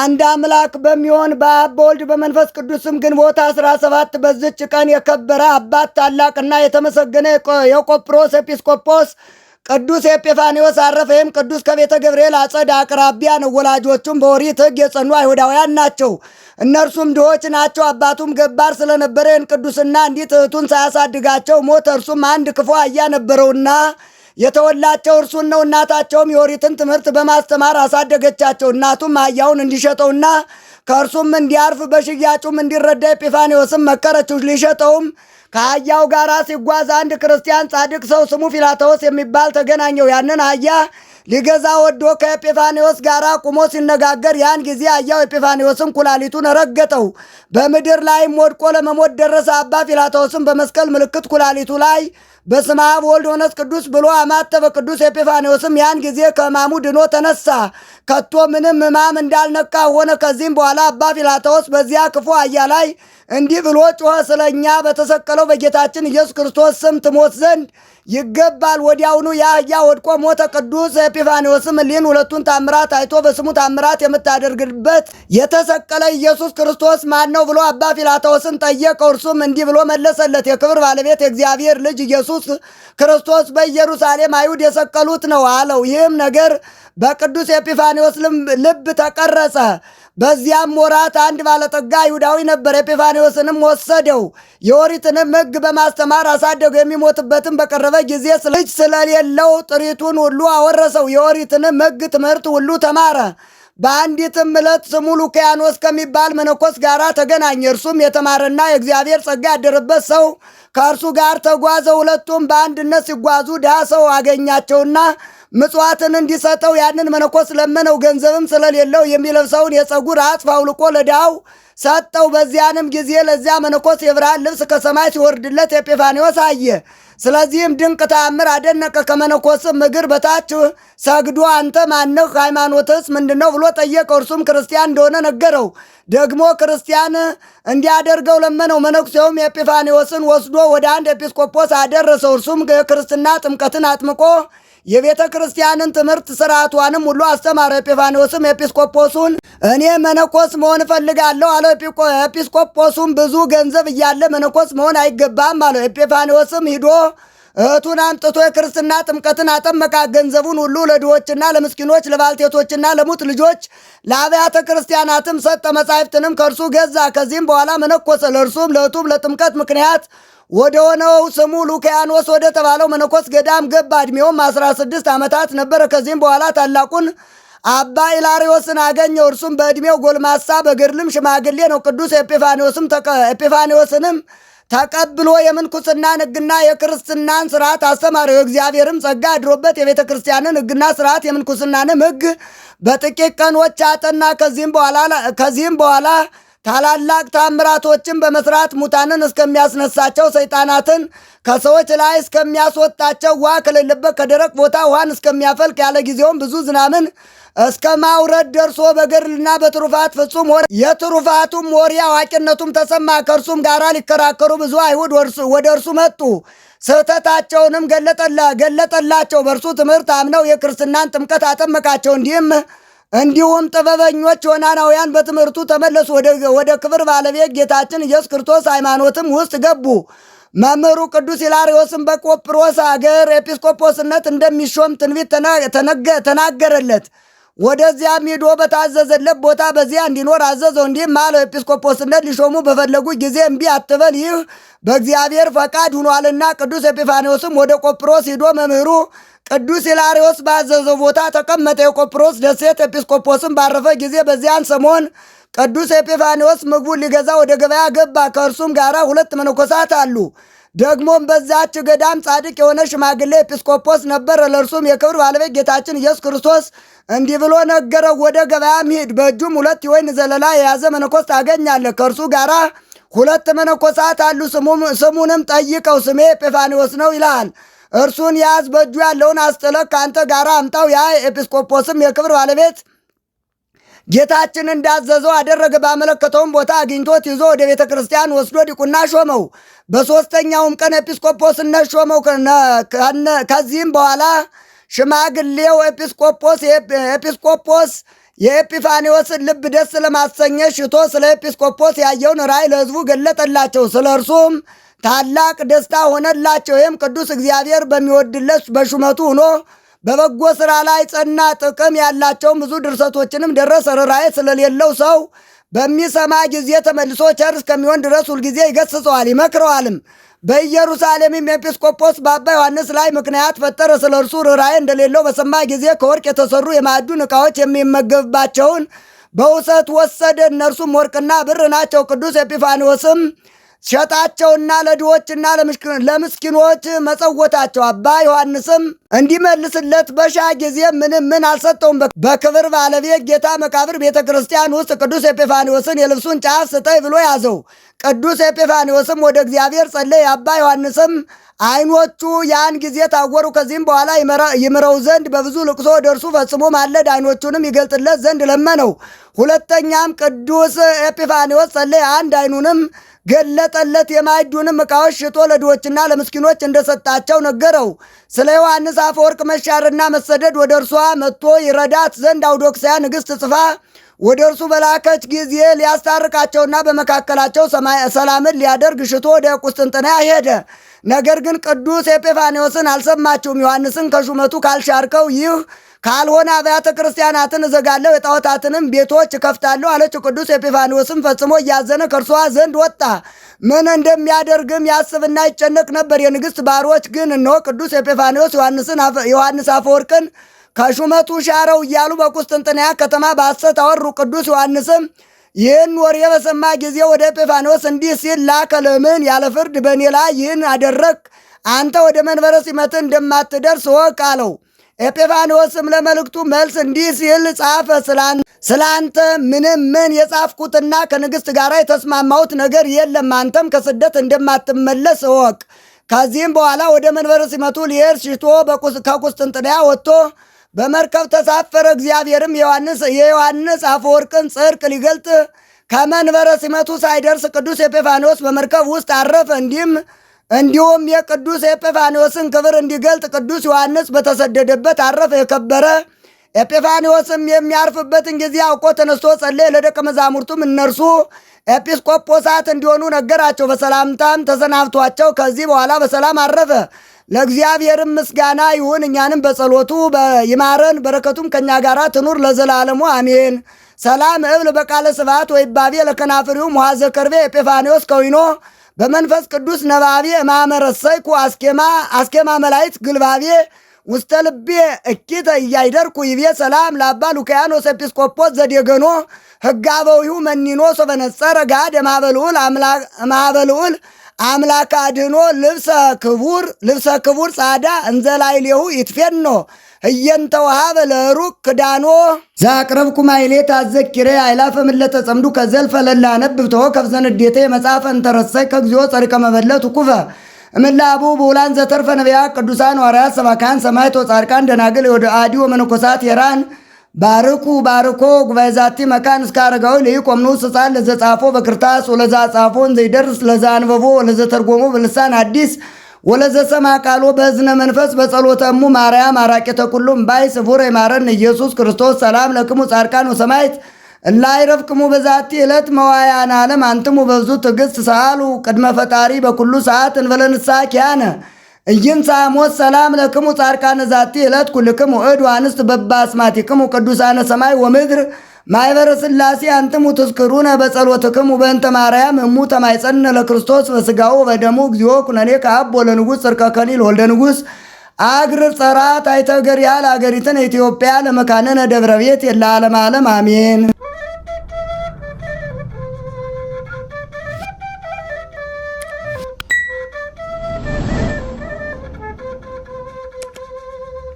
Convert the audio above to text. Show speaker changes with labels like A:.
A: አንድ አምላክ በሚሆን በአብ በወልድ በመንፈስ ቅዱስም ግንቦት አስራ ሰባት በዝች ቀን የከበረ አባት ታላቅና የተመሰገነ የቆጵሮስ ኤጲስቆጶስ ቅዱስ ኤጲፋኒዎስ አረፈ። ይህም ቅዱስ ከቤተ ገብርኤል አጸድ አቅራቢያ ነው። ወላጆቹም በኦሪት ሕግ የጸኑ አይሁዳውያን ናቸው። እነርሱም ድሆች ናቸው። አባቱም ገባር ስለነበረ ይህን ቅዱስና እንዲህ እህቱን ሳያሳድጋቸው ሞት እርሱም አንድ ክፉ አያ ነበረውና የተወላቸው እርሱን ነው። እናታቸውም የኦሪትን ትምህርት በማስተማር አሳደገቻቸው። እናቱም አህያውን እንዲሸጠውና ከእርሱም እንዲያርፍ በሽያጩም እንዲረዳ ኤጲፋኔዎስም መከረችው። ሊሸጠውም ከአህያው ጋር ሲጓዝ አንድ ክርስቲያን ጻድቅ ሰው ስሙ ፊላታዎስ የሚባል ተገናኘው። ያንን አህያ ሊገዛ ወዶ ከኤጲፋኔዎስ ጋር ቁሞ ሲነጋገር ያን ጊዜ አህያው ኤጲፋኔዎስን ኩላሊቱን ረገጠው። በምድር ላይም ወድቆ ለመሞት ደረሰ። አባ ፊላታዎስም በመስቀል ምልክት ኩላሊቱ ላይ በስመ አብ ወልድ ወመንፈስ ቅዱስ ብሎ አማተበ። ቅዱስ ኤጲፋንዮስም ያን ጊዜ ከሕማሙ ድኖ ተነሳ፣ ከቶ ምንም ሕማም እንዳልነካ ሆነ። ከዚህም በኋላ አባ ፊላታዎስ በዚያ ክፉ አያ ላይ እንዲህ ብሎ ጮኸ፣ ስለ እኛ በተሰቀለው በጌታችን ኢየሱስ ክርስቶስ ስም ትሞት ዘንድ ይገባል። ወዲያውኑ የአህያ ወድቆ ሞተ። ቅዱስ ኤጲፋንዮስም ሊን ሁለቱን ታምራት አይቶ በስሙ ታምራት የምታደርግበት የተሰቀለ ኢየሱስ ክርስቶስ ማን ነው ብሎ አባ ፊላታዎስን ጠየቀው። እርሱም እንዲህ ብሎ መለሰለት፣ የክብር ባለቤት የእግዚአብሔር ልጅ ኢየሱስ ክርስቶስ በኢየሩሳሌም አይሁድ የሰቀሉት ነው አለው። ይህም ነገር በቅዱስ ኤጲፋኒዎስ ልብ ተቀረጸ። በዚያም ወራት አንድ ባለጠጋ አይሁዳዊ ነበር። ኤጲፋኒዎስንም ወሰደው፣ የኦሪትንም ሕግ በማስተማር አሳደገው። የሚሞትበትም በቀረበ ጊዜ ልጅ ስለሌለው ጥሪቱን ሁሉ አወረሰው። የኦሪትንም ሕግ ትምህርት ሁሉ ተማረ። በአንዲትም ዕለት ስሙ ሉኪያኖስ ከሚባል መነኮስ ጋር ተገናኘ። እርሱም የተማረና የእግዚአብሔር ጸጋ ያደረበት ሰው ከእርሱ ጋር ተጓዘ። ሁለቱም በአንድነት ሲጓዙ ድሃ ሰው አገኛቸውና ምጽዋትን እንዲሰጠው ያንን መነኮስ ለመነው። ገንዘብም ስለሌለው የሚለብሰውን የፀጉር አጽፍ አውልቆ ለዳው ሰጠው። በዚያንም ጊዜ ለዚያ መነኮስ የብርሃን ልብስ ከሰማይ ሲወርድለት ኤጲፋኒዎስ አየ። ስለዚህም ድንቅ ተአምር አደነቀ። ከመነኮስም እግር በታች ሰግዶ አንተ ማነህ? ሃይማኖትስ ምንድነው? ብሎ ጠየቀው። እርሱም ክርስቲያን እንደሆነ ነገረው። ደግሞ ክርስቲያን እንዲያደርገው ለመነው። መነኩሴውም ኤጲፋኒዎስን ወስዶ ወደ አንድ ኤጲስቆጶስ አደረሰው። እርሱም የክርስትና ጥምቀትን አጥምቆ የቤተ ክርስቲያንን ትምህርት ስርዓቷንም ሁሉ አስተማረ። ኤጲፋንዮስም ኤጲስቆጶሱን እኔ መነኮስ መሆን እፈልጋለሁ አለው። ኤጲስቆጶሱም ብዙ ገንዘብ እያለ መነኮስ መሆን አይገባም አለው። ኤጲፋንዮስም ሂዶ እህቱን አምጥቶ የክርስትና ጥምቀትን አጠመቃ። ገንዘቡን ሁሉ ለድሆችና ለምስኪኖች ለባልቴቶችና ለሙት ልጆች ለአብያተ ክርስቲያናትም ሰጠ። መጻሕፍትንም ከእርሱ ገዛ። ከዚህም በኋላ መነኮሰ። ለእርሱም ለእህቱም ለጥምቀት ምክንያት ወደ ሆነው ስሙ ሉኪያኖስ ወደ ተባለው መነኮስ ገዳም ገባ። ዕድሜውም አስራ ስድስት ዓመታት ነበረ። ከዚህም በኋላ ታላቁን አባ ኢላሪዮስን አገኘው። እርሱም በዕድሜው ጎልማሳ በገድልም ሽማግሌ ነው። ቅዱስ ኤጲፋኒዎስም ኤጲፋኒዎስንም ተቀብሎ የምንኩስናን ሕግና የክርስትናን ስርዓት አስተማረው። እግዚአብሔርም ጸጋ አድሮበት የቤተ ክርስቲያንን ሕግና ስርዓት የምንኩስናንም ሕግ በጥቂት ቀኖች አጠና። ከዚህም በኋላ ታላላቅ ታምራቶችን በመስራት ሙታንን እስከሚያስነሳቸው ሰይጣናትን ከሰዎች ላይ እስከሚያስወጣቸው ውሃ ከሌለበት ከደረቅ ቦታ ውሃን እስከሚያፈልቅ ያለ ጊዜውም ብዙ ዝናምን እስከ ማውረድ ደርሶ በገድልና በትሩፋት ፍጹም ወር የትሩፋቱም ወሬ አዋቂነቱም ተሰማ። ከእርሱም ጋር ሊከራከሩ ብዙ አይሁድ ወደ እርሱ መጡ። ስህተታቸውንም ገለጠላቸው። በእርሱ ትምህርት አምነው የክርስትናን ጥምቀት አጠመቃቸው። እንዲህም እንዲሁም ጥበበኞች ዮናናውያን በትምህርቱ ተመለሱ። ወደ ክብር ባለቤት ጌታችን ኢየሱስ ክርስቶስ ሃይማኖትም ውስጥ ገቡ። መምህሩ ቅዱስ ኢላሪዎስም በቆጵሮስ አገር ኤጲስቆጶስነት እንደሚሾም ትንቢት ተናገረለት። ወደዚያም ሂዶ በታዘዘለት ቦታ በዚያ እንዲኖር አዘዘው። እንዲህም አለው፣ ኤጲስቆጶስነት ሊሾሙ በፈለጉ ጊዜ እምቢ አትበል፣ ይህ በእግዚአብሔር ፈቃድ ሁኗልና። ቅዱስ ኤጲፋንዮስም ወደ ቆጵሮስ ሂዶ መምህሩ ቅዱስ ኢላሪዎስ ባዘዘው ቦታ ተቀመጠ። የቆጵሮስ ደሴት ኤጲስቆጶስም ባረፈ ጊዜ በዚያን ሰሞን ቅዱስ ኤጲፋኒዎስ ምግቡን ሊገዛ ወደ ገበያ ገባ። ከእርሱም ጋር ሁለት መነኮሳት አሉ። ደግሞም በዛች ገዳም ጻድቅ የሆነ ሽማግሌ ኤጲስቆጶስ ነበረ። ለእርሱም የክብር ባለቤት ጌታችን ኢየሱስ ክርስቶስ እንዲህ ብሎ ነገረው፣ ወደ ገበያ ሂድ፣ በእጁም ሁለት የወይን ዘለላ የያዘ መነኮስ ታገኛለህ። ከእርሱ ጋራ ሁለት መነኮሳት አሉ። ስሙንም ጠይቀው፣ ስሜ ኤጲፋኒዎስ ነው ይልሃል እርሱን ያዝ፣ በእጁ ያለውን አስጥለህ ከአንተ ጋር አምጣው። ያ ኤጲስቆጶስም የክብር ባለቤት ጌታችን እንዳዘዘው አደረገ። ባመለከተውም ቦታ አግኝቶት ይዞ ወደ ቤተ ክርስቲያን ወስዶ ዲቁና ሾመው። በሦስተኛውም ቀን ኤጲስቆጶስነት ሾመው። ከዚህም በኋላ ሽማግሌው ኤጲስቆጶስ ኤጲስቆጶስ የኤጲፋኒዎስን ልብ ደስ ለማሰኘት ሽቶ ስለ ኤጲስቆጶስ ያየውን ራእይ ለሕዝቡ ገለጠላቸው። ስለ እርሱም ታላቅ ደስታ ሆነላቸው። ይህም ቅዱስ እግዚአብሔር በሚወድለት በሹመቱ ሆኖ በበጎ ስራ ላይ ጸና። ጥቅም ያላቸውን ብዙ ድርሰቶችንም ደረሰ። ርኅራኄ ስለሌለው ሰው በሚሰማ ጊዜ ተመልሶ ቸር እስከሚሆን ድረስ ሁልጊዜ ይገስጸዋል ይመክረዋልም። በኢየሩሳሌምም ኤጲስቆጶስ በአባ ዮሐንስ ላይ ምክንያት ፈጠረ። ስለ እርሱ ርኅራኄ እንደሌለው በሰማ ጊዜ ከወርቅ የተሰሩ የማዕዱን ዕቃዎች የሚመገብባቸውን በውሰት ወሰደ። እነርሱም ወርቅና ብር ናቸው። ቅዱስ ኤጲፋንዮስም ሸጣቸውና ለድሆችና ለምስኪኖች መጸወታቸው። አባ ዮሐንስም እንዲመልስለት በሻ ጊዜ ምንም ምን አልሰጠውም። በክብር ባለቤት ጌታ መቃብር ቤተ ክርስቲያን ውስጥ ቅዱስ ኤጲፋኒዎስን የልብሱን ጫፍ ስጠይ ብሎ ያዘው። ቅዱስ ኤጲፋኒዎስም ወደ እግዚአብሔር ጸለይ። አባ ዮሐንስም ዓይኖቹ ያን ጊዜ ታወሩ። ከዚህም በኋላ ይምረው ዘንድ በብዙ ልቅሶ ወደ እርሱ ፈጽሞ ማለድ፣ ዓይኖቹንም ይገልጥለት ዘንድ ለመነው። ሁለተኛም ቅዱስ ኤጲፋኒዎስ ጸለይ፣ አንድ ዓይኑንም ገለጠለት። የማዕዱንም ዕቃዎች ሽጦ ለድሆችና ለምስኪኖች እንደሰጣቸው ነገረው። ስለ ዮሐንስ አፈወርቅ መሻርና መሰደድ ወደ እርሷ መጥቶ ይረዳት ዘንድ አውዶክሳያ ንግሥት ጽፋ ወደ እርሱ በላከች ጊዜ ሊያስታርቃቸውና በመካከላቸው ሰላምን ሊያደርግ ሽቶ ወደ ቁስጥንጥንያ ሄደ። ነገር ግን ቅዱስ ኤጲፋንዮስን አልሰማችውም ዮሐንስን ከሹመቱ ካልሻርከው ይህ ካልሆነ አብያተ ክርስቲያናትን እዘጋለሁ፣ የጣዖታትንም ቤቶች እከፍታለሁ አለች ቅዱስ ኤጲፋንዮስም ፈጽሞ እያዘነ ከእርሷ ዘንድ ወጣ። ምን እንደሚያደርግም ያስብና ይጨነቅ ነበር። የንግሥት ባሮች ግን እነሆ ቅዱስ ኤጲፋንዮስ ዮሐንስ አፈወርቅን ከሹመቱ ሻረው እያሉ በቁስጥንጥንያ ከተማ በሐሰት አወሩ። ቅዱስ ዮሐንስም ይህን ወሬ በሰማ ጊዜ ወደ ኤጲፋንዮስ እንዲህ ሲል ላከ። ለምን ያለ ፍርድ በእኔ ላይ ይህን አደረግ? አንተ ወደ መንበረ ሲመትህ እንደማትደርስ ወቅ አለው። ኤጲፋንዮስም ለመልእክቱ መልስ እንዲህ ሲል ጻፈ። ስለ አንተ ምንም ምን የጻፍኩትና ከንግሥት ጋር የተስማማሁት ነገር የለም። አንተም ከስደት እንደማትመለስ እወቅ። ከዚህም በኋላ ወደ መንበረ ሲመቱ ሊሄድ ሽቶ ከቁስጥንጥንያ ወጥቶ በመርከብ ተሳፈረ። እግዚአብሔርም የዮሐንስ አፈወርቅን ጽድቅ ሊገልጥ ከመንበረ ሲመቱ ሳይደርስ ቅዱስ ኤጲፋንዮስ በመርከብ ውስጥ አረፈ። እንዲህም እንዲሁም የቅዱስ ኤጲፋንዮስን ክብር እንዲገልጥ ቅዱስ ዮሐንስ በተሰደደበት አረፈ። የከበረ ኤጲፋንዮስም የሚያርፍበትን ጊዜ አውቆ ተነስቶ ጸለየ። ለደቀ መዛሙርቱም እነርሱ ኤጲስቆጶሳት እንዲሆኑ ነገራቸው። በሰላምታም ተሰናብቷቸው ከዚህ በኋላ በሰላም አረፈ። ለእግዚአብሔርም ምስጋና ይሁን። እኛንም በጸሎቱ ይማረን፣ በረከቱም ከእኛ ጋር ትኑር ለዘላለሙ አሜን። ሰላም እብል በቃለ ስብሐት ወይባቤ ለከናፍሪው ሙሐዘ ከርቤ ኤጲፋንዮስ ከዊኖ በመንፈስ ቅዱስ ነባቤ ማመረሰይኩ አስኬማ አስኬማ መላይት ግልባቤ ውስተ ልቤ እኪተ እያይደርኩ ይቤ ሰላም ለአባ ሉካያኖስ ኤጲስቆጶስ ዘዴገኖ ህጋበዊሁ መኒኖ ሶበነጸረ ጋድ ማበልዑል አምላክ አድኖ ልብሰ ክቡር ልብሰ ክቡር ጻዳ እንዘላይሌሁ ይትፌኖ እየንተ ወሀበ ለሩቅ ክዳኖ ዛቅረብ ኩማይሌ ታዘኪረ አይላፈ ምለተ ጸምዱ ከዘልፈ ለእለ ነብብቶ ተወከፍ ዘንዴተ መጽሐፈ እንተረሰይ ከግዚኦ ጸሪቀ መበለት ኩፈ እምላቡ ብዑላን ዘተርፈ ነቢያ ቅዱሳን ዋርያት ሰባካን ሰማይቶ ጻድቃን ደናግል ወደ አዲ ወመነኮሳት የራን ባርኩ ባርኮ ጉባኤዛቲ መካን እስካረጋዊ ለይቆምኑ ስጻን ለዘጻፎ በክርታስ ወለዛ ጻፎ ዘይደርስ ለዛ አንበቦ ወለዘ ተርጎሞ በልሳን አዲስ ወለዘ ሰማ ቃሎ በእዝነ መንፈስ በጸሎተሙ ማርያም አራቂ ተኩሉም ባይ ስፉር የማረን ኢየሱስ ክርስቶስ ሰላም ለክሙ ጻድቃን ወሰማይት እላይረፍክሙ በዛቲ ዕለት መዋያን ዓለም አንትሙ በብዙ ትዕግሥት ሰአሉ ቅድመ ፈጣሪ በኩሉ ሰዓት እንበለንሳ ኪያነ ኢይምጻእሞት ሰላም ለክሙ ጻድቃነ ዛቲ ዕለት ኩልክሙ እድ አንስት ክሙ ቅዱሳነ ሰማይ ወምድር ማይበረ ሥላሴ አንትሙ በጸሎት በጸሎትክሙ በእንተ ማርያም እሙ ተማይጸነ ለክርስቶስ በስጋው በደሙ እግዚኦ ኩነኔ ከአብ ወለንጉሥ ጽርቀ ከሊል ወልደ ንጉሥ አግር ጸራት አይተገር ያህል አገሪትን ኢትዮጵያ ለመካነነ ደብረ ቤት የለ ዓለም ዓለም አሜን።